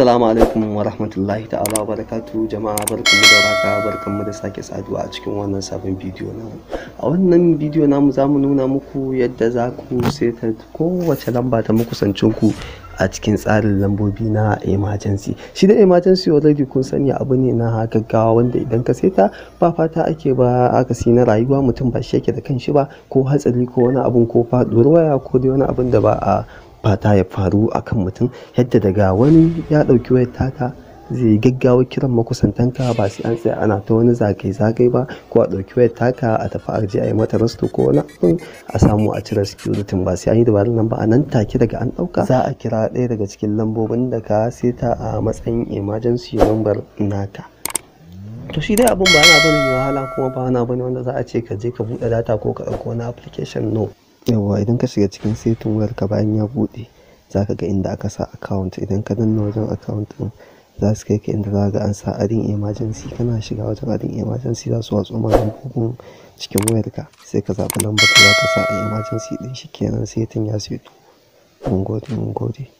Assalamu alaikum wa rahmatullahi ta'ala wa barakatu jama'a barkanmu da raka barkanmu da sake saduwa a cikin wannan sabon bidiyo na a wannan bidiyo namu za mu nuna muku yadda za ku seta kowace lamba ta makusancin ku a cikin tsarin lambobi na emergency shi da emergency already kun sani abu ne na gaggawa wanda idan ka seta ba fata ake ba akasi na rayuwa mutum ba shi yake da kanshi ba ko hatsari ko wani abun ko faɗuwar waya ko dai wani abun da ba a fata ya faru akan mutum yadda daga wani ya ɗauki wayar taka zai gaggawa kiran makusantanka ba sai an tsaya ana ta wani zagai-zagai ba ko a ɗauki wayar taka a tafi arji a yi mata rasto ko wani abin a samu a cire security ba sai an yi dabarun nan ba a nan take daga an ɗauka za a kira ɗaya daga cikin lambobin da ka seta a matsayin emergency number naka to shi dai abin ba ana bane mai wahala kuma ba ana bane wanda za a ce ka je ka buɗe data ko ka ɗauko wani application no Yauwa idan ka shiga cikin setin wayarka bayan ya bude za ka ga inda aka sa account. Idan ka danna wajen account din za su kai ka inda za ka ga an sa adding emergency. Kana shiga wajen adin emergency za su watso maka lambobin cikin wayarka. Sai ka zaɓi lambar da za ka sa a emergency ɗin shikenan setin ya setu. Mun gode,